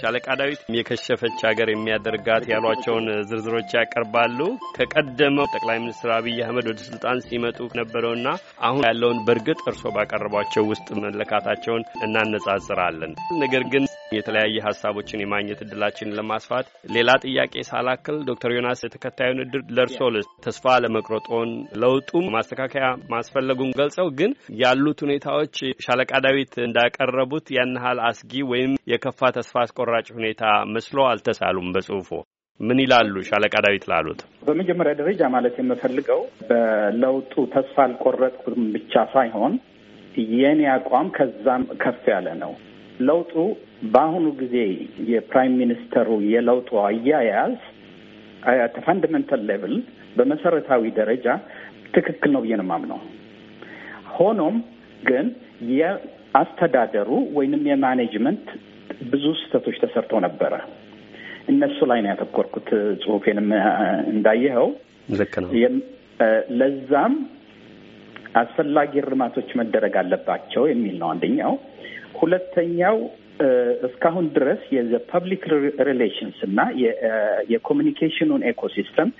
ሻለቃ ዳዊት የከሸፈች ሀገር የሚያደርጋት ያሏቸውን ዝርዝሮች ያቀርባሉ። ከቀደመው ጠቅላይ ሚኒስትር አብይ አህመድ ወደ ስልጣን ሲመጡ ነበረውና አሁን ያለውን በእርግጥ እርስዎ ባቀረቧቸው ውስጥ መለካታቸውን እናነጻጽራለን። ነገር ግን የተለያየ ሀሳቦችን የማግኘት እድላችንን ለማስፋት ሌላ ጥያቄ ሳላክል ዶክተር ዮናስ የተከታዩን እድል ለእርሶ ልስ ተስፋ ለመቁረጦን ለውጡም ማስተካከያ ማስፈለጉን ገልጸው ግን ያሉት ሁኔታዎች ሻለቃ ዳዊት እንዳቀረቡት ያን ያህል አስጊ ወይም የከፋ ተስፋ አስቆረ ተቆራጭ ሁኔታ መስሎ አልተሳሉም በጽሁፎ ምን ይላሉ ሻለቃ ዳዊት ላሉት? በመጀመሪያ ደረጃ ማለት የምፈልገው በለውጡ ተስፋ አልቆረጥኩም ብቻ ሳይሆን የኔ አቋም ከዛም ከፍ ያለ ነው። ለውጡ በአሁኑ ጊዜ የፕራይም ሚኒስተሩ የለውጡ አያያዝ ፈንዳሜንታል ሌቭል በመሰረታዊ ደረጃ ትክክል ነው ብዬ ነው የማምነው። ሆኖም ግን የአስተዳደሩ ወይንም የማኔጅመንት ብዙ ስህተቶች ተሰርተው ነበረ። እነሱ ላይ ነው ያተኮርኩት። ጽሁፌንም እንዳየኸው ልክ ነው። ለዛም አስፈላጊ እርማቶች መደረግ አለባቸው የሚል ነው አንደኛው። ሁለተኛው እስካሁን ድረስ የፐብሊክ ሪሌሽንስ እና የኮሚኒኬሽኑን ኤኮሲስተም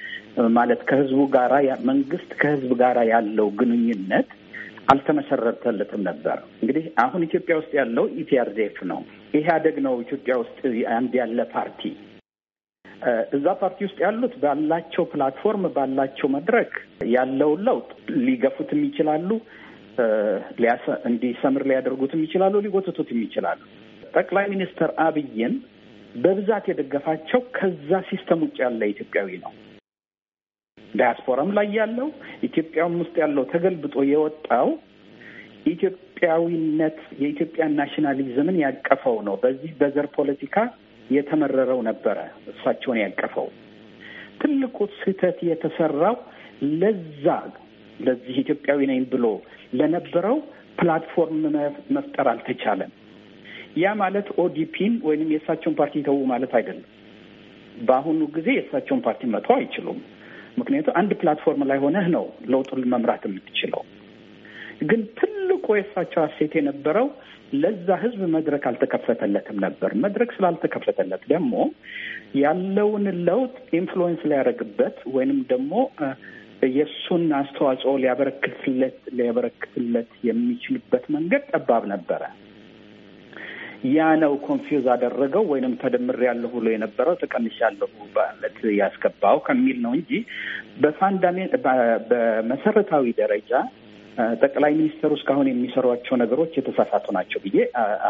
ማለት ከህዝቡ ጋራ መንግስት ከህዝብ ጋራ ያለው ግንኙነት አልተመሰረተለትም ነበር። እንግዲህ አሁን ኢትዮጵያ ውስጥ ያለው ኢፒአርዴፍ ነው። ኢህአደግ ነው ኢትዮጵያ ውስጥ አንድ ያለ ፓርቲ። እዛ ፓርቲ ውስጥ ያሉት ባላቸው ፕላትፎርም፣ ባላቸው መድረክ ያለውን ለውጥ ሊገፉትም ይችላሉ፣ እንዲሰምር ሊያደርጉትም ይችላሉ፣ ሊጎትቱትም ይችላሉ። ጠቅላይ ሚኒስትር አብይን በብዛት የደገፋቸው ከዛ ሲስተም ውጭ ያለ ኢትዮጵያዊ ነው። ዳያስፖራም ላይ ያለው ኢትዮጵያም ውስጥ ያለው ተገልብጦ የወጣው ኢትዮጵያዊነት የኢትዮጵያ ናሽናሊዝምን ያቀፈው ነው። በዚህ በዘር ፖለቲካ የተመረረው ነበረ እሳቸውን ያቀፈው። ትልቁ ስህተት የተሰራው ለዛ ለዚህ ኢትዮጵያዊ ነኝ ብሎ ለነበረው ፕላትፎርም መፍጠር አልተቻለም። ያ ማለት ኦዲፒን ወይንም የእሳቸውን ፓርቲ ተዉ ማለት አይደለም። በአሁኑ ጊዜ የእሳቸውን ፓርቲ መተው አይችሉም። ምክንያቱ አንድ ፕላትፎርም ላይ ሆነህ ነው ለውጡን መምራት የምትችለው። ግን ትልቁ የእሳቸው አሴት የነበረው ለዛ ህዝብ መድረክ አልተከፈተለትም ነበር። መድረክ ስላልተከፈተለት ደግሞ ያለውን ለውጥ ኢንፍሉዌንስ ሊያደርግበት ወይንም ደግሞ የእሱን አስተዋጽኦ ሊያበረክትለት ሊያበረክትለት የሚችልበት መንገድ ጠባብ ነበረ። ያ ነው ኮንፊውዝ አደረገው ወይንም ተደምር ያለሁ ብሎ የነበረው ተቀንሻለሁ በአመት ያስገባው ከሚል ነው እንጂ በፋንዳሜ በመሰረታዊ ደረጃ ጠቅላይ ሚኒስትሩ እስካሁን የሚሰሯቸው ነገሮች የተሳሳቱ ናቸው ብዬ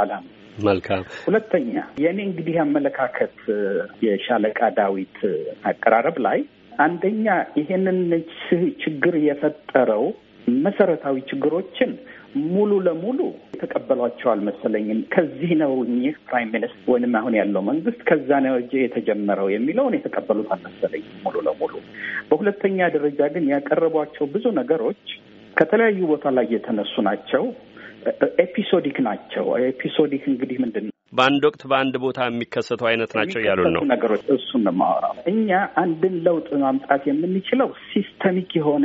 አላም። መልካም። ሁለተኛ የእኔ እንግዲህ አመለካከት የሻለቃ ዳዊት አቀራረብ ላይ አንደኛ ይሄንን ችግር የፈጠረው መሰረታዊ ችግሮችን ሙሉ ለሙሉ የተቀበሏቸው አልመሰለኝም። ከዚህ ነው እኚህ ፕራይም ሚኒስትር ወይንም አሁን ያለው መንግስት ከዛ ነው እጅ የተጀመረው የሚለውን የተቀበሉት አልመሰለኝም ሙሉ ለሙሉ። በሁለተኛ ደረጃ ግን ያቀረቧቸው ብዙ ነገሮች ከተለያዩ ቦታ ላይ የተነሱ ናቸው። ኤፒሶዲክ ናቸው። ኤፒሶዲክ እንግዲህ ምንድን ነው? በአንድ ወቅት በአንድ ቦታ የሚከሰቱ አይነት ናቸው እያሉን ነው ነገሮች። እሱን ነው የማወራው። እኛ አንድን ለውጥ ማምጣት የምንችለው ሲስተሚክ የሆነ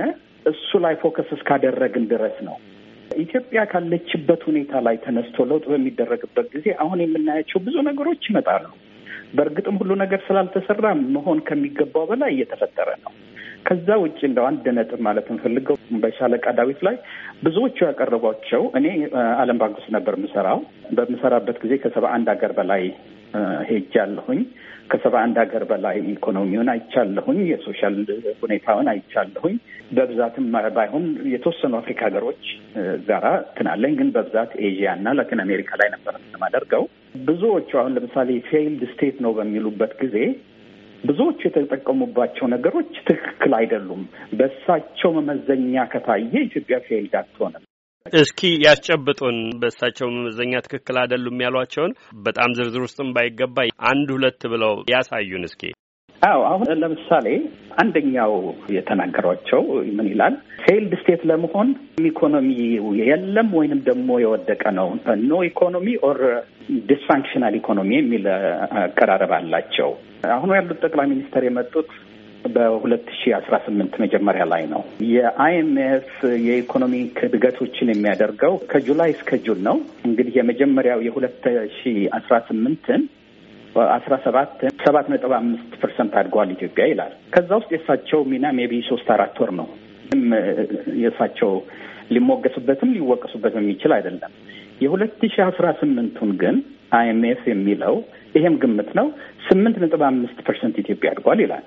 እሱ ላይ ፎከስ እስካደረግን ድረስ ነው። ኢትዮጵያ ካለችበት ሁኔታ ላይ ተነስቶ ለውጥ በሚደረግበት ጊዜ አሁን የምናያቸው ብዙ ነገሮች ይመጣሉ። በእርግጥም ሁሉ ነገር ስላልተሰራ መሆን ከሚገባው በላይ እየተፈጠረ ነው። ከዛ ውጭ እንደው አንድ ነጥብ ማለት እንፈልገው በሻለቃ ዳዊት ላይ ብዙዎቹ ያቀረቧቸው እኔ አለም ባንክ ውስጥ ነበር የምሰራው። በምሰራበት ጊዜ ከሰባ አንድ ሀገር በላይ ሄጃለሁኝ። ከሰባ አንድ ሀገር በላይ ኢኮኖሚውን አይቻለሁኝ፣ የሶሻል ሁኔታውን አይቻለሁኝ። በብዛትም ባይሆን የተወሰኑ አፍሪካ ሀገሮች ጋራ ትናለኝ፣ ግን በብዛት ኤዥያ እና ላቲን አሜሪካ ላይ ነበር የማደርገው። ብዙዎቹ አሁን ለምሳሌ ፌይልድ ስቴት ነው በሚሉበት ጊዜ ብዙዎቹ የተጠቀሙባቸው ነገሮች ትክክል አይደሉም። በእሳቸው መመዘኛ ከታየ ኢትዮጵያ ፌይልድ አትሆንም። እስኪ ያስጨብጡን። በእሳቸው መመዘኛ ትክክል አይደሉም ያሏቸውን በጣም ዝርዝር ውስጥም ባይገባ አንድ ሁለት ብለው ያሳዩን እስኪ። አዎ አሁን ለምሳሌ አንደኛው የተናገሯቸው ምን ይላል? ፌይልድ ስቴት ለመሆን ኢኮኖሚ የለም ወይንም ደግሞ የወደቀ ነው ኖ ኢኮኖሚ ኦር ዲስፋንክሽናል ኢኮኖሚ የሚል አቀራረብ አላቸው። አሁኑ ያሉት ጠቅላይ ሚኒስትር የመጡት በሁለት ሺ አስራ ስምንት መጀመሪያ ላይ ነው። የአይኤምኤፍ የኢኮኖሚ እድገቶችን የሚያደርገው ከጁላይ እስከ ጁን ነው። እንግዲህ የመጀመሪያው የሁለት ሺ አስራ ስምንትን አስራ ሰባት ሰባት ነጥብ አምስት ፐርሰንት አድገዋል ኢትዮጵያ ይላል። ከዛ ውስጥ የእሳቸው ሚና ሜቢ ሶስት አራት ወር ነው። የእሳቸው ሊሞገሱበትም ሊወቀሱበት የሚችል አይደለም። የሁለት ሺ አስራ ስምንቱን ግን አይኤምኤፍ የሚለው ይሄም ግምት ነው ስምንት ነጥብ አምስት ፐርሰንት ኢትዮጵያ አድጓል ይላል።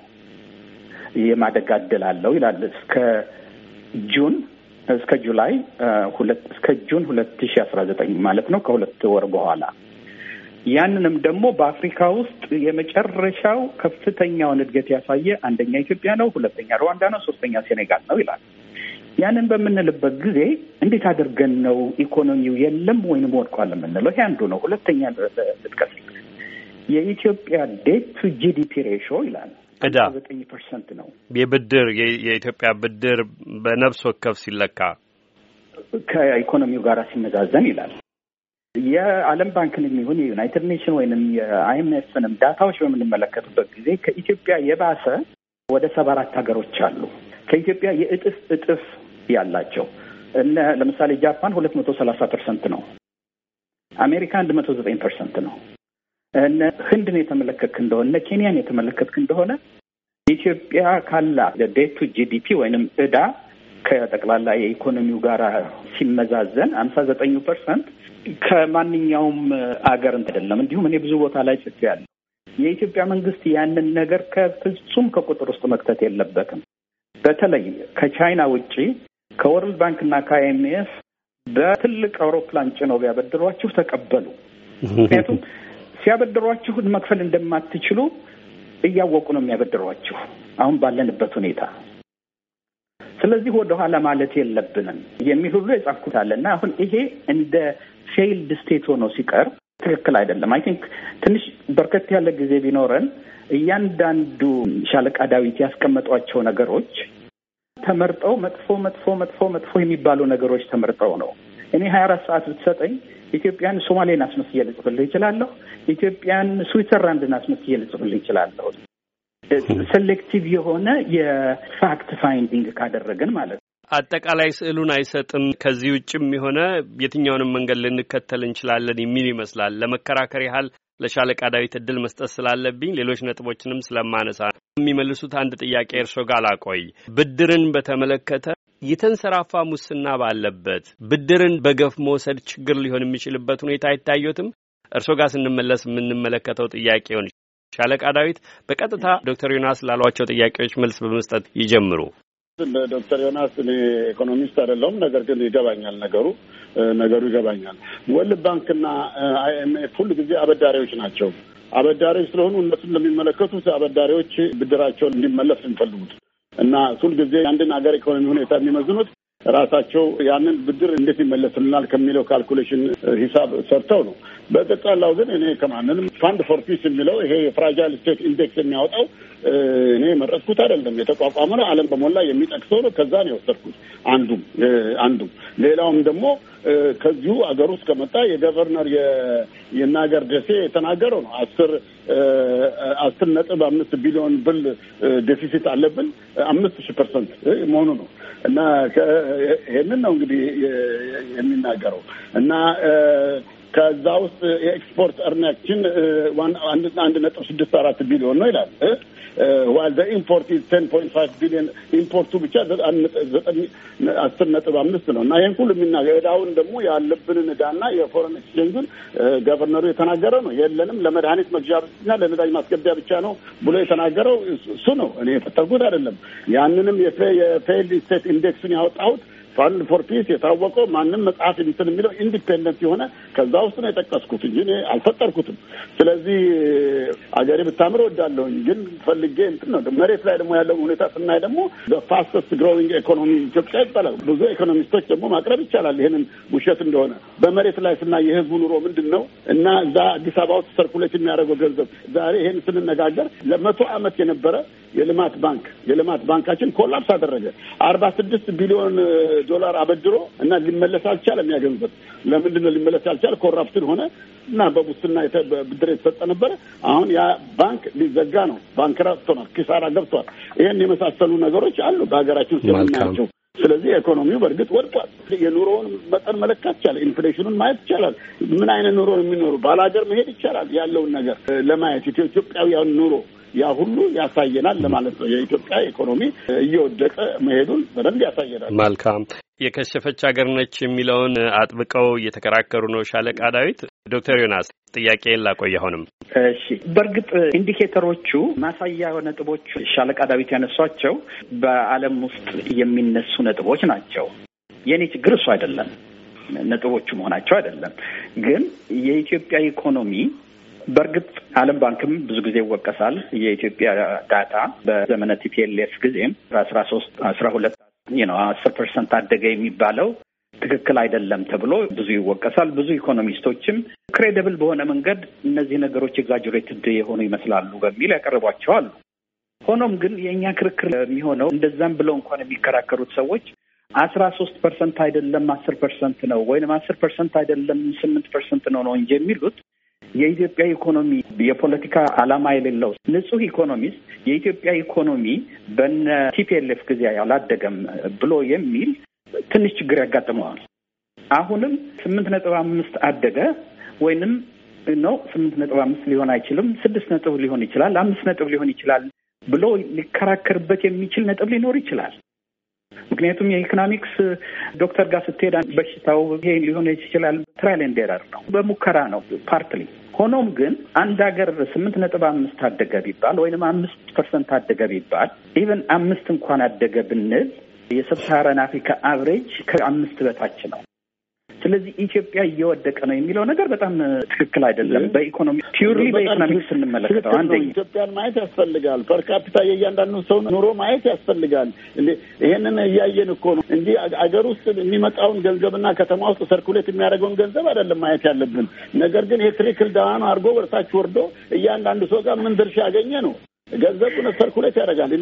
የማደጋ እድል አለው ይላል። እስከ ጁን እስከ ጁላይ ሁለት እስከ ጁን ሁለት ሺ አስራ ዘጠኝ ማለት ነው ከሁለት ወር በኋላ ያንንም ደግሞ በአፍሪካ ውስጥ የመጨረሻው ከፍተኛውን እድገት ያሳየ አንደኛ ኢትዮጵያ ነው፣ ሁለተኛ ሩዋንዳ ነው፣ ሶስተኛ ሴኔጋል ነው ይላል። ያንን በምንልበት ጊዜ እንዴት አድርገን ነው ኢኮኖሚው የለም ወይንም ወድቋል የምንለው? ይሄ አንዱ ነው። ሁለተኛ ልጥቀስ፣ የኢትዮጵያ ዴት ቱ ጂዲፒ ሬሾ ይላል እዳ ዘጠኝ ፐርሰንት ነው የብድር የኢትዮጵያ ብድር በነብስ ወከፍ ሲለካ ከኢኮኖሚው ጋር ሲመዛዘን ይላል። የዓለም ባንክን የሚሆን የዩናይትድ ኔሽን ወይንም የአይኤምኤፍንም ዳታዎች በምንመለከትበት ጊዜ ከኢትዮጵያ የባሰ ወደ ሰባ አራት ሀገሮች አሉ ከኢትዮጵያ የእጥፍ እጥፍ ያላቸው እነ ለምሳሌ ጃፓን ሁለት መቶ ሰላሳ ፐርሰንት ነው። አሜሪካ አንድ መቶ ዘጠኝ ፐርሰንት ነው። እነ ህንድን የተመለከትክ እንደሆነ እነ ኬንያን የተመለከትክ እንደሆነ ኢትዮጵያ ካላት ዴቱ ጂዲፒ ወይንም እዳ ከጠቅላላ የኢኮኖሚው ጋር ሲመዛዘን አምሳ ዘጠኙ ፐርሰንት ከማንኛውም አገር አይደለም። እንዲሁም እኔ ብዙ ቦታ ላይ ያለ የኢትዮጵያ መንግስት ያንን ነገር ከፍጹም ከቁጥር ውስጥ መክተት የለበትም። በተለይ ከቻይና ውጪ ከወርልድ ባንክ እና ከአይኤምኤፍ በትልቅ አውሮፕላን ጭነው ቢያበድሯችሁ ተቀበሉ። ምክንያቱም ሲያበድሯችሁን መክፈል እንደማትችሉ እያወቁ ነው የሚያበድሯችሁ አሁን ባለንበት ሁኔታ። ስለዚህ ወደኋላ ማለት የለብንም የሚል ሁሉ የጻፍኩት ና አሁን ይሄ እንደ ፌይልድ ስቴት ሆኖ ሲቀር ትክክል አይደለም። አይ ቲንክ ትንሽ በርከት ያለ ጊዜ ቢኖረን እያንዳንዱ ሻለቃ ዳዊት ያስቀመጧቸው ነገሮች ተመርጠው መጥፎ መጥፎ መጥፎ መጥፎ የሚባሉ ነገሮች ተመርጠው ነው እኔ ሀያ አራት ሰዓት ብትሰጠኝ ኢትዮጵያን ሶማሌን አስመስዬ ልጽፍልህ ይችላለሁ። ኢትዮጵያን ስዊትዘርላንድን አስመስዬ ልጽፍልህ ይችላለሁ። ሴሌክቲቭ የሆነ የፋክት ፋይንዲንግ ካደረግን ማለት ነው። አጠቃላይ ስዕሉን አይሰጥም። ከዚህ ውጭም የሆነ የትኛውንም መንገድ ልንከተል እንችላለን የሚል ይመስላል። ለመከራከር ያህል ለሻለቃ ዳዊት እድል መስጠት ስላለብኝ ሌሎች ነጥቦችንም ስለማነሳ የሚመልሱት አንድ ጥያቄ እርሶ ጋር ላቆይ። ብድርን በተመለከተ የተንሰራፋ ሙስና ባለበት ብድርን በገፍ መውሰድ ችግር ሊሆን የሚችልበት ሁኔታ አይታየትም? እርሶ ጋር ስንመለስ የምንመለከተው ጥያቄ ሆን ሻለቃ ዳዊት በቀጥታ ዶክተር ዮናስ ላሏቸው ጥያቄዎች መልስ በመስጠት ይጀምሩ። ዶክተር ዮናስ እኔ ኢኮኖሚስት አይደለሁም፣ ነገር ግን ይገባኛል ነገሩ ነገሩ ይገባኛል። ወርልድ ባንክና አይኤምኤፍ ሁል ጊዜ አበዳሪዎች ናቸው። አበዳሪዎች ስለሆኑ እነሱን ለሚመለከቱት አበዳሪዎች ብድራቸውን እንዲመለስ የሚፈልጉት እና ጊዜ የአንድን ሀገር ኢኮኖሚ ሁኔታ የሚመዝኑት ራሳቸው ያንን ብድር እንዴት ይመለስልናል ከሚለው ካልኩሌሽን ሂሳብ ሰርተው ነው። በጠቅላላው ግን እኔ ከማንንም ፋንድ ፎር ፒስ የሚለው ይሄ የፍራጃይል ስቴት ኢንዴክስ የሚያወጣው እኔ መረጥኩት አይደለም። የተቋቋመ ነው። ዓለም በሞላ የሚጠቅሰው ነው። ከዛ ነው የወሰድኩት አንዱም አንዱም ሌላውም ደግሞ ከዚሁ አገር ውስጥ ከመጣ የገቨርነር ይናገር ደሴ የተናገረው ነው። አስር አስር ነጥብ አምስት ቢሊዮን ብል ዴፊሲት አለብን አምስት ሺህ ፐርሰንት መሆኑ ነው እና ይህንን ነው እንግዲህ የሚናገረው እና ከዛ ውስጥ የኤክስፖርት እርናችን አንድ ነጥብ ስድስት አራት ቢሊዮን ነው ይላል። ዋዘ ኢምፖርት ቴን ፖይንት ፋይቭ ቢሊዮን ኢምፖርቱ ብቻ አስር ነጥብ አምስት ነው እና ይህን ሁሉ የሚናገር እዳውን ደግሞ ያለብንን እዳና የፎረን ኤክስቼንጅን ገቨርነሩ የተናገረ ነው። የለንም ለመድኃኒት መግዣና ለነዳጅ ማስገቢያ ብቻ ነው ብሎ የተናገረው እሱ ነው። እኔ የፈጠርኩት አይደለም። ያንንም የፌይልድ ስቴት ኢንዴክሱን ያወጣሁት ፋንድ ፎር ፒስ የታወቀው ማንም መጽሐፍ እንትን የሚለው ኢንዲፔንደንት የሆነ ከዛ ውስጥ ነው የጠቀስኩት እንጂ እኔ አልፈጠርኩትም። ስለዚህ አገሬ ብታምር ወዳለሁኝ ግን ፈልጌ እንትን ነው። መሬት ላይ ደግሞ ያለው ሁኔታ ስናይ ደግሞ ፋስተስት ግሮዊንግ ኢኮኖሚ ኢትዮጵያ ይባላል። ብዙ ኢኮኖሚስቶች ደግሞ ማቅረብ ይቻላል ይህንን ውሸት እንደሆነ። በመሬት ላይ ስናይ የህዝቡ ኑሮ ምንድን ነው እና እዛ አዲስ አበባ ውስጥ ሰርኩሌት የሚያደርገው ገንዘብ ዛሬ ይህን ስንነጋገር ለመቶ ዓመት የነበረ የልማት ባንክ የልማት ባንካችን ኮላፕስ አደረገ። አርባ ስድስት ቢሊዮን ዶላር አበድሮ እና ሊመለስ አልቻለም። ያ ገንዘብ ለምንድን ነው ሊመለስ አልቻለ? ኮራፕትን ሆነ እና በሙስና ብድር የተሰጠ ነበረ። አሁን ያ ባንክ ሊዘጋ ነው። ባንክራት ሆኗል። ኪሳራ ገብቷል። ይህን የመሳሰሉ ነገሮች አሉ በሀገራችን ስለምናያቸው። ስለዚህ ኢኮኖሚው በእርግጥ ወድቋል። የኑሮውን መጠን መለካት ይቻላል። ኢንፍሌሽኑን ማየት ይቻላል። ምን አይነት ኑሮ ነው የሚኖሩ ባለ ሀገር መሄድ ይቻላል። ያለውን ነገር ለማየት ኢትዮጵያውያን ኑሮ ያ ሁሉ ያሳየናል ለማለት ነው። የኢትዮጵያ ኢኮኖሚ እየወደቀ መሄዱን በደንብ ያሳየናል። መልካም የከሸፈች ሀገር ነች የሚለውን አጥብቀው እየተከራከሩ ነው ሻለቃ ዳዊት። ዶክተር ዮናስ ጥያቄን ላቆይ አሁንም። እሺ፣ በእርግጥ ኢንዲኬተሮቹ ማሳያ ነጥቦቹ ሻለቃ ዳዊት ያነሷቸው በዓለም ውስጥ የሚነሱ ነጥቦች ናቸው። የእኔ ችግር እሱ አይደለም፣ ነጥቦቹ መሆናቸው አይደለም። ግን የኢትዮጵያ ኢኮኖሚ በእርግጥ ዓለም ባንክም ብዙ ጊዜ ይወቀሳል። የኢትዮጵያ ዳታ በዘመነ ቲፒኤልኤፍ ጊዜም አስራ ሶስት አስራ ሁለት ነው አስር ፐርሰንት አደገ የሚባለው ትክክል አይደለም ተብሎ ብዙ ይወቀሳል። ብዙ ኢኮኖሚስቶችም ክሬደብል በሆነ መንገድ እነዚህ ነገሮች ኤግዛጀሬትድ የሆኑ ይመስላሉ በሚል ያቀርቧቸዋሉ። ሆኖም ግን የእኛ ክርክር የሚሆነው እንደዛም ብለው እንኳን የሚከራከሩት ሰዎች አስራ ሶስት ፐርሰንት አይደለም አስር ፐርሰንት ነው ወይም አስር ፐርሰንት አይደለም ስምንት ፐርሰንት ነው ነው እንጂ የሚሉት የኢትዮጵያ ኢኮኖሚ የፖለቲካ ዓላማ የሌለው ንጹህ ኢኮኖሚስት የኢትዮጵያ ኢኮኖሚ በነ ቲፒኤልኤፍ ጊዜ አላደገም ብሎ የሚል ትንሽ ችግር ያጋጥመዋል። አሁንም ስምንት ነጥብ አምስት አደገ ወይንም ነው ስምንት ነጥብ አምስት ሊሆን አይችልም፣ ስድስት ነጥብ ሊሆን ይችላል፣ አምስት ነጥብ ሊሆን ይችላል ብሎ ሊከራከርበት የሚችል ነጥብ ሊኖር ይችላል። ምክንያቱም የኢኮኖሚክስ ዶክተር ጋር ስትሄዳ በሽታው ይሄ ሊሆን ይችላል ትራይል ኤንድ ኤረር ነው፣ በሙከራ ነው ፓርትሊ። ሆኖም ግን አንድ ሀገር ስምንት ነጥብ አምስት አደገ ቢባል ወይም አምስት ፐርሰንት አደገ ቢባል ኢቨን አምስት እንኳን አደገ ብንል የሰብሳራን አፍሪካ አቨሬጅ ከአምስት በታች ነው። ስለዚህ ኢትዮጵያ እየወደቀ ነው የሚለው ነገር በጣም ትክክል አይደለም። በኢኮኖሚ ፒውርሊ በኢኮኖሚክስ ስንመለከተው አንደኛ ኢትዮጵያን ማየት ያስፈልጋል። ፐርካፒታ የእያንዳንዱ ሰው ኑሮ ማየት ያስፈልጋል። ይሄንን እያየን እኮ ነው እንጂ አገር ውስጥ የሚመጣውን ገንዘብና ከተማ ውስጥ ሰርኩሌት የሚያደርገውን ገንዘብ አይደለም ማየት ያለብን። ነገር ግን ይሄ ትሪክል ዳውን አድርጎ ወርሳች ወርዶ እያንዳንዱ ሰው ጋር ምን ድርሻ ያገኘ ነው ገንዘቡን ሰርኩሌት ያደርጋል።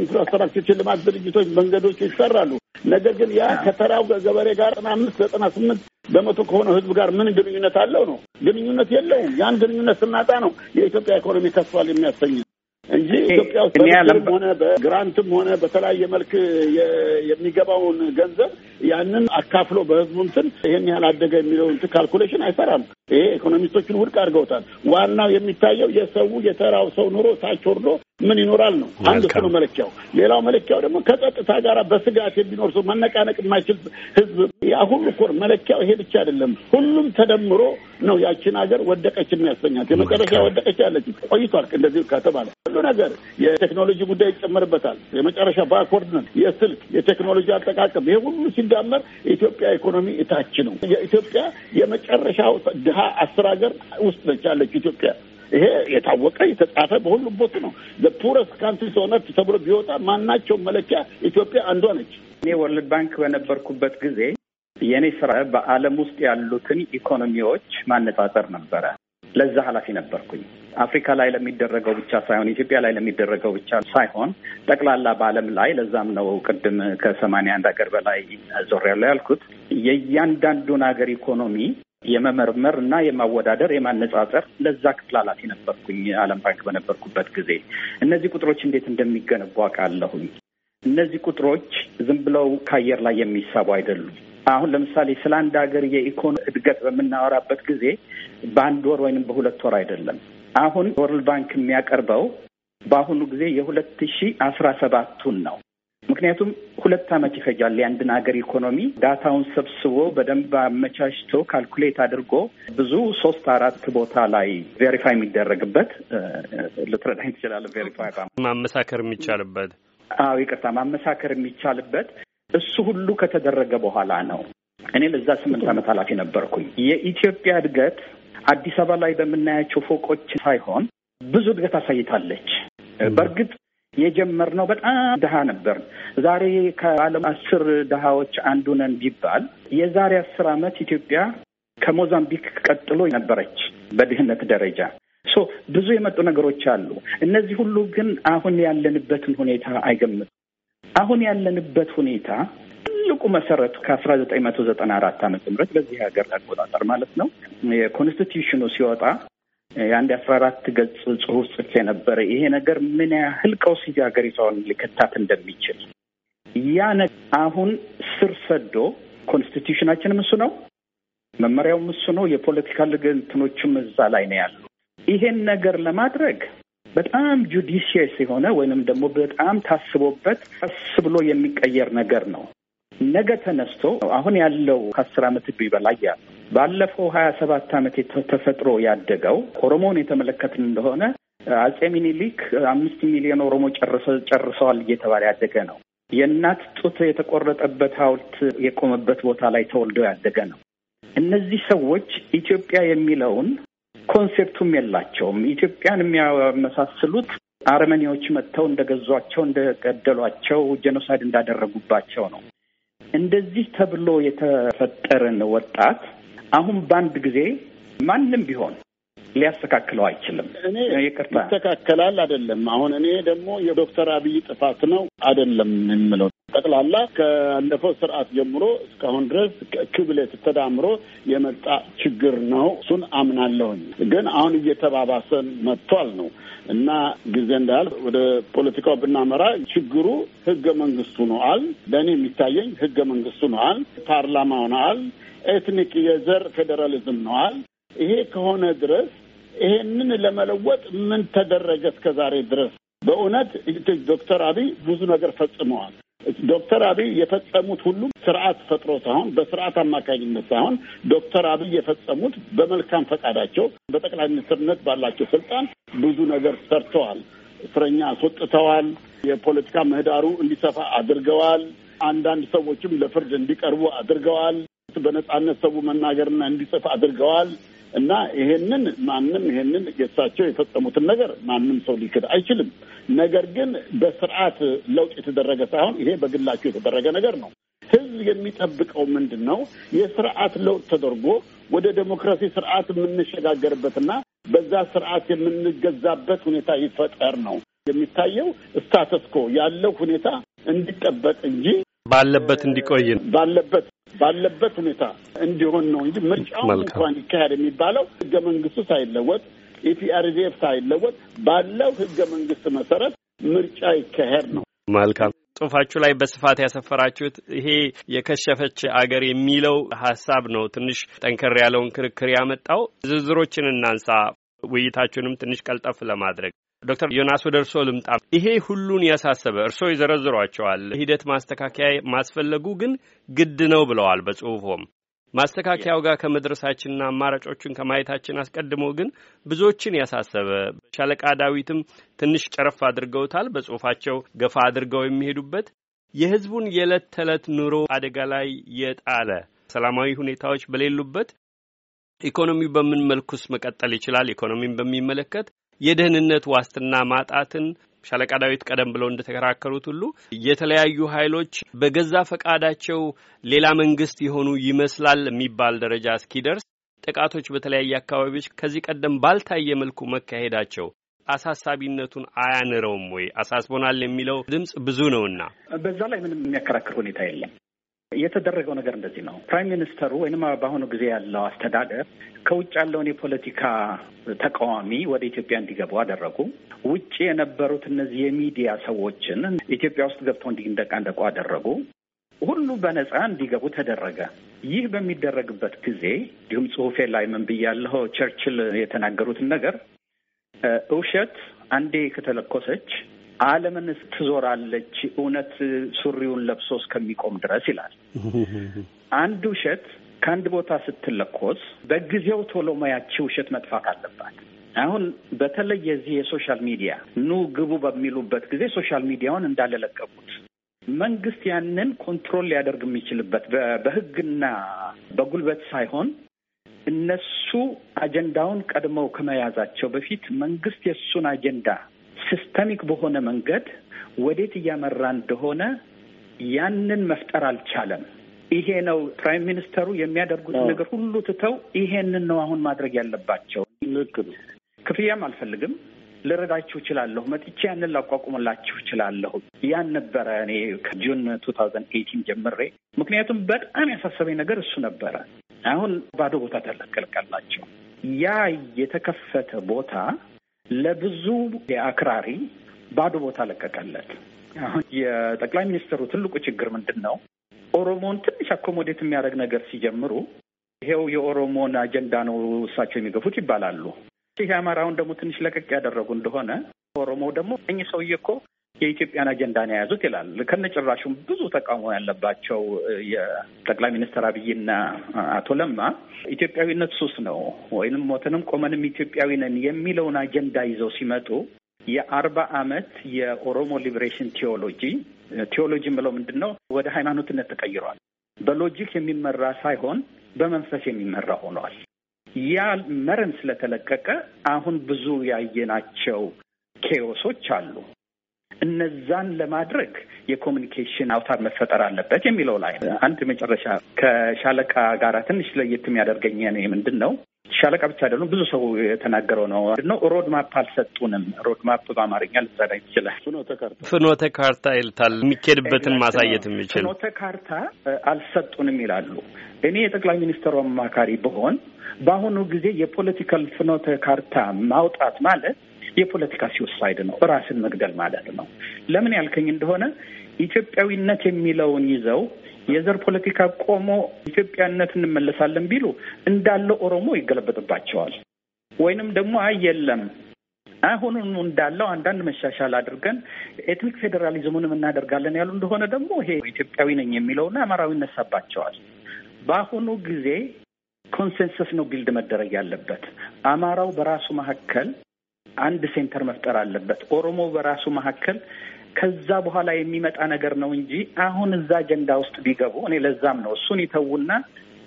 ኢንፍራስትራክቸር ልማት ድርጅቶች መንገዶች ይሰራሉ። ነገር ግን ያ ከተራው ገበሬ ጋር ዘጠና አምስት ዘጠና ስምንት በመቶ ከሆነ ህዝብ ጋር ምን ግንኙነት አለው ነው? ግንኙነት የለውም። ያን ግንኙነት ስናጣ ነው የኢትዮጵያ ኢኮኖሚ ከስፋል የሚያሰኝ እንጂ ኢትዮጵያ ውስጥ ሆነ በግራንትም ሆነ በተለያየ መልክ የሚገባውን ገንዘብ ያንን አካፍሎ በህዝቡ እንትን ይህን ያህል አደገ የሚለው እንትን ካልኩሌሽን አይሰራም። ይሄ ኢኮኖሚስቶችን ውድቅ አድርገውታል። ዋናው የሚታየው የሰው የተራው ሰው ኑሮ ታች ወርዶ ምን ይኖራል ነው አንድ እሱ ነው መለኪያው። ሌላው መለኪያው ደግሞ ከጸጥታ ጋር በስጋት የሚኖር ሰው መነቃነቅ የማይችል ህዝብ፣ ያ ሁሉ እኮ መለኪያው ይሄ ብቻ አይደለም። ሁሉም ተደምሮ ነው ያችን ሀገር ወደቀች የሚያሰኛት። የመጨረሻ ወደቀች ያለች ቆይቷል። እንደዚህ ከተባለ ሁሉ ነገር የቴክኖሎጂ ጉዳይ ይጨመርበታል። የመጨረሻ ባኮርድ ነን፣ የስልክ የቴክኖሎጂ አጠቃቀም፣ ይሄ ሁሉ ሲዳመር የኢትዮጵያ ኢኮኖሚ እታች ነው። የኢትዮጵያ የመጨረሻው ድሀ አስር ሀገር ውስጥ ነች ያለች ኢትዮጵያ ይሄ የታወቀ የተጻፈ በሁሉም ቦት ነው። ፑረስት ካንትሪ ሰውነት ተብሎ ቢወጣ ማናቸው መለኪያ ኢትዮጵያ አንዷ ነች። እኔ ወርልድ ባንክ በነበርኩበት ጊዜ የእኔ ስራ በዓለም ውስጥ ያሉትን ኢኮኖሚዎች ማነጻጸር ነበረ። ለዛ ኃላፊ ነበርኩኝ። አፍሪካ ላይ ለሚደረገው ብቻ ሳይሆን ኢትዮጵያ ላይ ለሚደረገው ብቻ ሳይሆን ጠቅላላ በዓለም ላይ ለዛም ነው ቅድም ከሰማንያ አንድ ሀገር በላይ ዞር ያለው ያልኩት የእያንዳንዱን ሀገር ኢኮኖሚ የመመርመር እና የማወዳደር የማነጻጸር ለዛ ክፍል ኃላፊ ነበርኩኝ። ዓለም ባንክ በነበርኩበት ጊዜ እነዚህ ቁጥሮች እንዴት እንደሚገነቡ አውቃለሁኝ። እነዚህ ቁጥሮች ዝም ብለው ከአየር ላይ የሚሳቡ አይደሉም። አሁን ለምሳሌ ስለ አንድ ሀገር የኢኮኖሚ እድገት በምናወራበት ጊዜ በአንድ ወር ወይንም በሁለት ወር አይደለም። አሁን ወርልድ ባንክ የሚያቀርበው በአሁኑ ጊዜ የሁለት ሺ አስራ ሰባቱን ነው። ምክንያቱም ሁለት ዓመት ይፈጃል የአንድን ሀገር ኢኮኖሚ ዳታውን ሰብስቦ በደንብ አመቻችቶ ካልኩሌት አድርጎ ብዙ ሶስት አራት ቦታ ላይ ቬሪፋይ የሚደረግበት ልትረዳኝ ትችላለህ። ቬሪፋይ ማመሳከር የሚቻልበት አዎ፣ ይቅርታ ማመሳከር የሚቻልበት እሱ ሁሉ ከተደረገ በኋላ ነው። እኔ ለዛ ስምንት ዓመት ኃላፊ ነበርኩኝ። የኢትዮጵያ እድገት አዲስ አበባ ላይ በምናያቸው ፎቆች ሳይሆን ብዙ እድገት አሳይታለች። በእርግጥ የጀመርነው በጣም ድሃ ነበር። ዛሬ ከዓለም አስር ድሃዎች አንዱ ነን ቢባል የዛሬ አስር ዓመት ኢትዮጵያ ከሞዛምቢክ ቀጥሎ ነበረች በድህነት ደረጃ። ሶ ብዙ የመጡ ነገሮች አሉ። እነዚህ ሁሉ ግን አሁን ያለንበትን ሁኔታ አይገምጡም። አሁን ያለንበት ሁኔታ ትልቁ መሰረቱ ከአስራ ዘጠኝ መቶ ዘጠና አራት ዓመተ ምህረት በዚህ ሀገር አቆጣጠር ማለት ነው የኮንስቲትዩሽኑ ሲወጣ የአንድ አስራ አራት ገጽ ጽሁፍ ጽፌ ነበረ። ይሄ ነገር ምን ያህል ቀውስ ሀገሪቷን ሊከታት እንደሚችል ያ አሁን ስር ሰዶ ኮንስቲቱሽናችንም እሱ ነው፣ መመሪያውም እሱ ነው፣ የፖለቲካ ልግንትኖችም እዛ ላይ ነው ያሉ። ይሄን ነገር ለማድረግ በጣም ጁዲሽየስ የሆነ ወይንም ደግሞ በጣም ታስቦበት ቀስ ብሎ የሚቀየር ነገር ነው። ነገ ተነስቶ አሁን ያለው ከአስር ዓመት በላይ ያለ ባለፈው ሀያ ሰባት አመት ተፈጥሮ ያደገው ኦሮሞን የተመለከትን እንደሆነ አጼ ሚኒሊክ አምስት ሚሊዮን ኦሮሞ ጨርሰዋል እየተባለ ያደገ ነው። የእናት ጡት የተቆረጠበት ሐውልት የቆመበት ቦታ ላይ ተወልዶ ያደገ ነው። እነዚህ ሰዎች ኢትዮጵያ የሚለውን ኮንሴፕቱም የላቸውም። ኢትዮጵያን የሚያመሳስሉት አረመኔዎች መጥተው እንደገዟቸው፣ እንደገደሏቸው፣ ጀኖሳይድ እንዳደረጉባቸው ነው። እንደዚህ ተብሎ የተፈጠረን ወጣት አሁን በአንድ ጊዜ ማንም ቢሆን ሊያስተካክለው አይችልም። እኔ ይስተካከላል አይደለም። አሁን እኔ ደግሞ የዶክተር አብይ ጥፋት ነው አይደለም የምለው ጠቅላላ ካለፈው ስርዓት ጀምሮ እስካሁን ድረስ ክብለት ተዳምሮ የመጣ ችግር ነው። እሱን አምናለሁኝ። ግን አሁን እየተባባሰን መጥቷል ነው እና ጊዜ እንዳል ወደ ፖለቲካው ብናመራ ችግሩ ህገ መንግስቱ ነው አል ለእኔ የሚታየኝ ህገ መንግስቱ ነው አል ፓርላማው ነው አል ኤትኒክ የዘር ፌዴራሊዝም ነው አል ይሄ ከሆነ ድረስ ይሄንን ለመለወጥ ምን ተደረገ እስከ ዛሬ ድረስ? በእውነት ዶክተር አብይ ብዙ ነገር ፈጽመዋል። ዶክተር አብይ የፈጸሙት ሁሉም ስርዓት ፈጥሮ ሳይሆን በስርዓት አማካኝነት ሳይሆን ዶክተር አብይ የፈጸሙት በመልካም ፈቃዳቸው በጠቅላይ ሚኒስትርነት ባላቸው ስልጣን ብዙ ነገር ሰርተዋል። እስረኛ አስወጥተዋል። የፖለቲካ ምህዳሩ እንዲሰፋ አድርገዋል። አንዳንድ ሰዎችም ለፍርድ እንዲቀርቡ አድርገዋል። በነጻነት ሰው መናገርና እንዲጽፍ አድርገዋል። እና ይሄንን ማንም ይሄንን የእሳቸው የፈጸሙትን ነገር ማንም ሰው ሊክድ አይችልም። ነገር ግን በስርዓት ለውጥ የተደረገ ሳይሆን ይሄ በግላቸው የተደረገ ነገር ነው። ህዝብ የሚጠብቀው ምንድን ነው? የስርዓት ለውጥ ተደርጎ ወደ ዴሞክራሲ ስርዓት የምንሸጋገርበትና በዛ ስርዓት የምንገዛበት ሁኔታ ይፈጠር ነው የሚታየው። ስታተስኮ ያለው ሁኔታ እንዲጠበቅ እንጂ ባለበት እንዲቆይ ባለበት ባለበት ሁኔታ እንዲሆን ነው እንጂ ምርጫው እንኳን ይካሄድ የሚባለው ህገ መንግስቱ ሳይለወጥ ኢፒአርዲኤፍ ሳይለወጥ ባለው ህገ መንግስት መሰረት ምርጫ ይካሄድ ነው። መልካም ጽሁፋችሁ ላይ በስፋት ያሰፈራችሁት ይሄ የከሸፈች አገር የሚለው ሀሳብ ነው። ትንሽ ጠንከር ያለውን ክርክር ያመጣው ዝርዝሮችን እናንሳ። ውይይታችሁንም ትንሽ ቀልጠፍ ለማድረግ ዶክተር ዮናስ ወደ እርስዎ ልምጣ። ይሄ ሁሉን ያሳሰበ እርስዎ ይዘረዝሯቸዋል ሂደት ማስተካከያ ማስፈለጉ ግን ግድ ነው ብለዋል በጽሁፎም ማስተካከያው ጋር ከመድረሳችንና አማራጮቹን ከማየታችን አስቀድሞ ግን ብዙዎችን ያሳሰበ ሻለቃ ዳዊትም ትንሽ ጨረፍ አድርገውታል። በጽሁፋቸው ገፋ አድርገው የሚሄዱበት የህዝቡን የዕለት ተዕለት ኑሮ አደጋ ላይ የጣለ ሰላማዊ ሁኔታዎች በሌሉበት ኢኮኖሚው በምን መልኩስ መቀጠል ይችላል? ኢኮኖሚን በሚመለከት የደህንነት ዋስትና ማጣትን ሻለቃ ዳዊት ቀደም ብለው እንደተከራከሩት ሁሉ የተለያዩ ኃይሎች በገዛ ፈቃዳቸው ሌላ መንግስት የሆኑ ይመስላል የሚባል ደረጃ እስኪደርስ ጥቃቶች በተለያየ አካባቢዎች ከዚህ ቀደም ባልታየ መልኩ መካሄዳቸው አሳሳቢነቱን አያንረውም ወይ? አሳስቦናል የሚለው ድምጽ ብዙ ነውና በዛ ላይ ምንም የሚያከራክር ሁኔታ የለም። የተደረገው ነገር እንደዚህ ነው። ፕራይም ሚኒስተሩ ወይም በአሁኑ ጊዜ ያለው አስተዳደር ከውጭ ያለውን የፖለቲካ ተቃዋሚ ወደ ኢትዮጵያ እንዲገቡ አደረጉ። ውጭ የነበሩት እነዚህ የሚዲያ ሰዎችን ኢትዮጵያ ውስጥ ገብተው እንዲንደቃንደቁ አደረጉ። ሁሉ በነጻ እንዲገቡ ተደረገ። ይህ በሚደረግበት ጊዜ እንዲሁም ጽሁፌ ላይ ምን ብያለሁ፣ ቸርችል የተናገሩትን ነገር እውሸት አንዴ ከተለኮሰች ዓለምን ትዞራለች እውነት ሱሪውን ለብሶ እስከሚቆም ድረስ ይላል። አንድ ውሸት ከአንድ ቦታ ስትለኮስ በጊዜው ቶሎ መያቺ ውሸት መጥፋት አለባት። አሁን በተለይ የዚህ የሶሻል ሚዲያ ኑ ግቡ በሚሉበት ጊዜ ሶሻል ሚዲያውን እንዳለለቀቁት መንግስት ያንን ኮንትሮል ሊያደርግ የሚችልበት በህግና በጉልበት ሳይሆን እነሱ አጀንዳውን ቀድመው ከመያዛቸው በፊት መንግስት የእሱን አጀንዳ ሲስተሚክ በሆነ መንገድ ወዴት እያመራ እንደሆነ ያንን መፍጠር አልቻለም። ይሄ ነው ፕራይም ሚኒስተሩ የሚያደርጉት ነገር ሁሉ ትተው ይሄንን ነው አሁን ማድረግ ያለባቸው። ክፍያም አልፈልግም፣ ልረዳችሁ እችላለሁ፣ መጥቼ ያንን ላቋቁምላችሁ እችላለሁ። ያን ነበረ እኔ ከጁን ቱ ታውዘንድ ኤይቲን ጀምሬ፣ ምክንያቱም በጣም ያሳሰበኝ ነገር እሱ ነበረ። አሁን ባዶ ቦታ ተለቀልቀላቸው ያ የተከፈተ ቦታ ለብዙ የአክራሪ ባዶ ቦታ ለቀቀለት። አሁን የጠቅላይ ሚኒስትሩ ትልቁ ችግር ምንድን ነው? ኦሮሞን ትንሽ አኮሞዴት የሚያደርግ ነገር ሲጀምሩ ይሄው የኦሮሞን አጀንዳ ነው እሳቸው የሚገፉት ይባላሉ። ይህ የአማራውን ደግሞ ትንሽ ለቀቅ ያደረጉ እንደሆነ ኦሮሞ ደግሞ እኚህ ሰውዬ እኮ የኢትዮጵያን አጀንዳን የያዙት ይላል። ከነጭራሹም ብዙ ተቃውሞ ያለባቸው የጠቅላይ ሚኒስትር አብይና አቶ ለማ ኢትዮጵያዊነት ሱስ ነው ወይንም ሞተንም ቆመንም ኢትዮጵያዊ ነን የሚለውን አጀንዳ ይዘው ሲመጡ የአርባ አመት የኦሮሞ ሊበሬሽን ቴዎሎጂ ቴዎሎጂ ብለው ምንድን ነው? ወደ ሃይማኖትነት ተቀይሯል። በሎጂክ የሚመራ ሳይሆን በመንፈስ የሚመራ ሆኗል። ያ መረን ስለተለቀቀ አሁን ብዙ ያየናቸው ኬዎሶች አሉ። እነዛን ለማድረግ የኮሚኒኬሽን አውታር መፈጠር አለበት የሚለው ላይ አንድ መጨረሻ ከሻለቃ ጋር ትንሽ ለየት የሚያደርገኝ እኔ ምንድን ነው ሻለቃ ብቻ አይደሉም። ብዙ ሰው የተናገረው ነው ነው ሮድማፕ አልሰጡንም። ሮድማፕ በአማርኛ ልትሰራ ይችላል። ፍኖተ ካርታ ይልታል። የሚኬድበትን ማሳየት የሚችል ፍኖተ ካርታ አልሰጡንም ይላሉ። እኔ የጠቅላይ ሚኒስትሩ አማካሪ በሆን በአሁኑ ጊዜ የፖለቲካል ፍኖተ ካርታ ማውጣት ማለት የፖለቲካ ሲወሳይድ ነው፣ ራስን መግደል ማለት ነው። ለምን ያልከኝ እንደሆነ ኢትዮጵያዊነት የሚለውን ይዘው የዘር ፖለቲካ ቆሞ ኢትዮጵያነት እንመለሳለን ቢሉ እንዳለ ኦሮሞ ይገለበጥባቸዋል። ወይንም ደግሞ አይ የለም አሁኑኑ እንዳለው አንዳንድ መሻሻል አድርገን ኤትኒክ ፌዴራሊዝሙንም እናደርጋለን ያሉ እንደሆነ ደግሞ ይሄ ኢትዮጵያዊ ነኝ የሚለውና አማራዊ ይነሳባቸዋል። በአሁኑ ጊዜ ኮንሰንሰስ ነው ቢልድ መደረግ ያለበት። አማራው በራሱ መካከል አንድ ሴንተር መፍጠር አለበት ኦሮሞ በራሱ መካከል ከዛ በኋላ የሚመጣ ነገር ነው እንጂ አሁን እዛ አጀንዳ ውስጥ ቢገቡ እኔ ለዛም ነው እሱን ይተዉና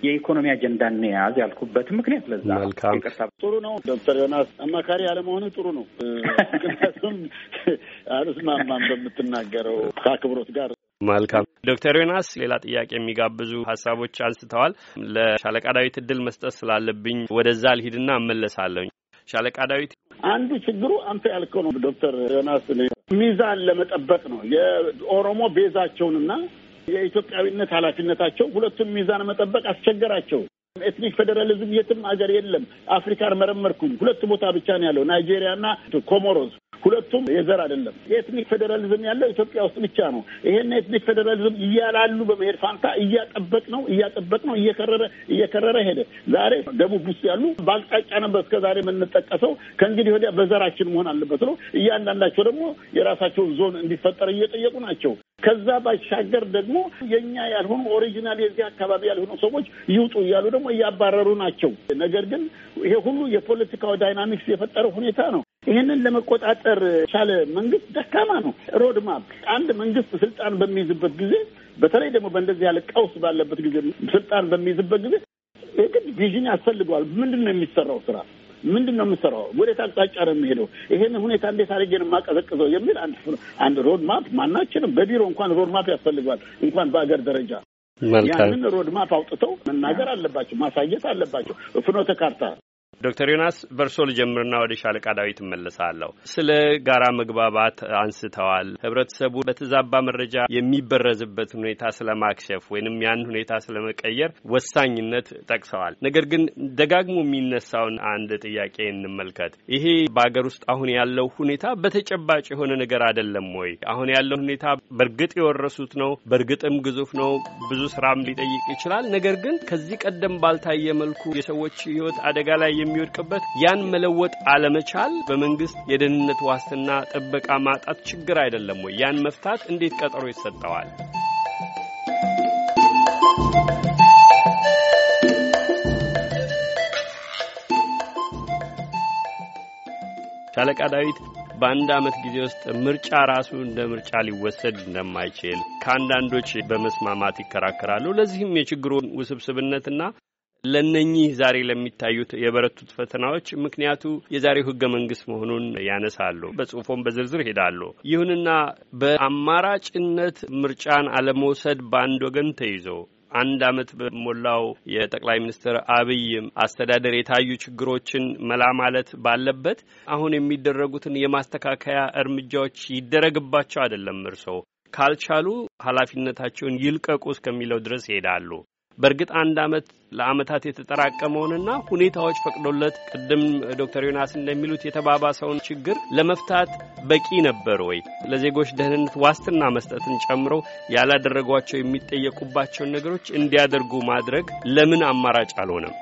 የኢኮኖሚ አጀንዳ እንያዝ ያልኩበት ምክንያት ለዛ። መልካም ጥሩ ነው ዶክተር ዮናስ አማካሪ አለመሆኑ ጥሩ ነው። ምክንያቱም አልስማማም በምትናገረው ከአክብሮት ጋር። መልካም ዶክተር ዮናስ ሌላ ጥያቄ የሚጋብዙ ሀሳቦች አንስተዋል። ለሻለቃ ዳዊት እድል መስጠት ስላለብኝ ወደዛ ልሂድና እመለሳለሁ። ሻለቃ ዳዊት አንዱ ችግሩ አንተ ያልከው ነው ዶክተር ዮናስ ሚዛን ለመጠበቅ ነው የኦሮሞ ቤዛቸውንና የኢትዮጵያዊነት ኃላፊነታቸው ሁለቱም ሚዛን መጠበቅ አስቸገራቸው። ኤትኒክ ፌዴራሊዝም የትም ሀገር የለም። አፍሪካን መረመርኩኝ ሁለት ቦታ ብቻ ነው ያለው ናይጄሪያና ኮሞሮስ። ሁለቱም የዘር አይደለም። የኤትኒክ ፌዴራሊዝም ያለው ኢትዮጵያ ውስጥ ብቻ ነው። ይሄን ኤትኒክ ፌዴራሊዝም እያላሉ በመሄድ ፋንታ እያጠበቅ ነው እያጠበቅ ነው እየከረረ እየከረረ ሄደ። ዛሬ ደቡብ ውስጥ ያሉ በአቅጣጫ ነበር እስከ ዛሬ የምንጠቀሰው ከእንግዲህ ወዲያ በዘራችን መሆን አለበት ነው። እያንዳንዳቸው ደግሞ የራሳቸውን ዞን እንዲፈጠር እየጠየቁ ናቸው። ከዛ ባሻገር ደግሞ የእኛ ያልሆኑ ኦሪጂናል የዚህ አካባቢ ያልሆኑ ሰዎች ይውጡ እያሉ ደግሞ እያባረሩ ናቸው። ነገር ግን ይሄ ሁሉ የፖለቲካው ዳይናሚክስ የፈጠረ ሁኔታ ነው። ይህንን ለመቆጣጠር ቻለ መንግስት ደካማ ነው። ሮድማፕ አንድ መንግስት ስልጣን በሚይዝበት ጊዜ፣ በተለይ ደግሞ በእንደዚህ ያለ ቀውስ ባለበት ጊዜ፣ ስልጣን በሚይዝበት ጊዜ የግድ ቪዥን ያስፈልገዋል። ምንድን ነው የሚሰራው ስራ ምንድን ነው የምሰራው? ወዴት አቅጣጫ ነው የሚሄደው? ይሄን ሁኔታ እንዴት አድርጌ ነው የማቀዘቅዘው? የሚል አንድ ሮድማፕ ማናችንም በቢሮ እንኳን ሮድማፕ ያስፈልገዋል፣ እንኳን በሀገር ደረጃ ያንን ሮድማፕ አውጥተው መናገር አለባቸው፣ ማሳየት አለባቸው። ፍኖተ ካርታ ዶክተር ዮናስ በእርሶ ልጀምርና ወደ ሻለቃ ዳዊት እመለሳለሁ። ስለ ጋራ መግባባት አንስተዋል። ህብረተሰቡ በተዛባ መረጃ የሚበረዝበት ሁኔታ ስለ ማክሸፍ ወይንም ያን ሁኔታ ስለ መቀየር ወሳኝነት ጠቅሰዋል። ነገር ግን ደጋግሞ የሚነሳውን አንድ ጥያቄ እንመልከት። ይሄ በሀገር ውስጥ አሁን ያለው ሁኔታ በተጨባጭ የሆነ ነገር አይደለም ወይ? አሁን ያለው ሁኔታ በእርግጥ የወረሱት ነው፣ በእርግጥም ግዙፍ ነው፣ ብዙ ስራም ሊጠይቅ ይችላል። ነገር ግን ከዚህ ቀደም ባልታየ መልኩ የሰዎች ህይወት አደጋ ላይ የሚወድቅበት ያን መለወጥ አለመቻል በመንግስት የደህንነት ዋስትና ጥበቃ ማጣት ችግር አይደለም ወይ? ያን መፍታት እንዴት ቀጠሮ ይሰጠዋል? ሻለቃ ዳዊት በአንድ ዓመት ጊዜ ውስጥ ምርጫ ራሱ እንደ ምርጫ ሊወሰድ እንደማይችል ከአንዳንዶች በመስማማት ይከራከራሉ። ለዚህም የችግሩን ውስብስብነትና ለነኚህ ዛሬ ለሚታዩት የበረቱት ፈተናዎች ምክንያቱ የዛሬው ህገ መንግስት መሆኑን ያነሳሉ። በጽሁፎም በዝርዝር ሄዳሉ። ይሁንና በአማራጭነት ምርጫን አለመውሰድ በአንድ ወገን ተይዞ አንድ አመት በሞላው የጠቅላይ ሚኒስትር አብይ አስተዳደር የታዩ ችግሮችን መላ ማለት ባለበት አሁን የሚደረጉትን የማስተካከያ እርምጃዎች ይደረግባቸው አይደለም እርስዎ ካልቻሉ ኃላፊነታቸውን ይልቀቁ እስከሚለው ድረስ ይሄዳሉ። በእርግጥ አንድ ዓመት ለአመታት የተጠራቀመውንና ሁኔታዎች ፈቅዶለት ቅድም ዶክተር ዮናስ እንደሚሉት የተባባሰውን ችግር ለመፍታት በቂ ነበር ወይ? ለዜጎች ደህንነት ዋስትና መስጠትን ጨምሮ ያላደረጓቸው የሚጠየቁባቸውን ነገሮች እንዲያደርጉ ማድረግ ለምን አማራጭ አልሆነም?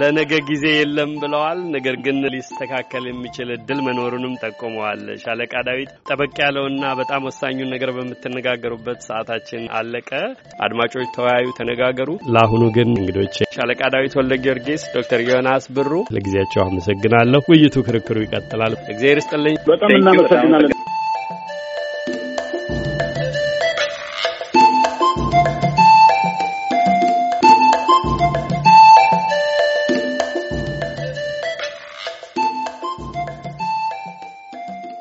ለነገ ጊዜ የለም ብለዋል። ነገር ግን ሊስተካከል የሚችል እድል መኖሩንም ጠቁመዋል። ሻለቃ ዳዊት፣ ጠበቅ ያለውና በጣም ወሳኙን ነገር በምትነጋገሩበት ሰዓታችን አለቀ። አድማጮች ተወያዩ፣ ተነጋገሩ። ለአሁኑ ግን እንግዶች ሻለቃ ዳዊት ወልደ ጊዮርጊስ፣ ዶክተር ዮናስ ብሩ ለጊዜያቸው አመሰግናለሁ። ውይይቱ ክርክሩ ይቀጥላል። እግዚአብሔር ይስጥልኝ። በጣም እናመሰግናለን።